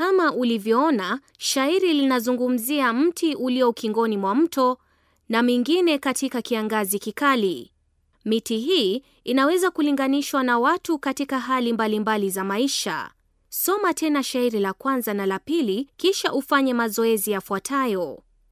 Kama ulivyoona, shairi linazungumzia mti ulio ukingoni mwa mto na mingine katika kiangazi kikali. Miti hii inaweza kulinganishwa na watu katika hali mbalimbali mbali za maisha. Soma tena shairi la kwanza na la pili kisha ufanye mazoezi yafuatayo.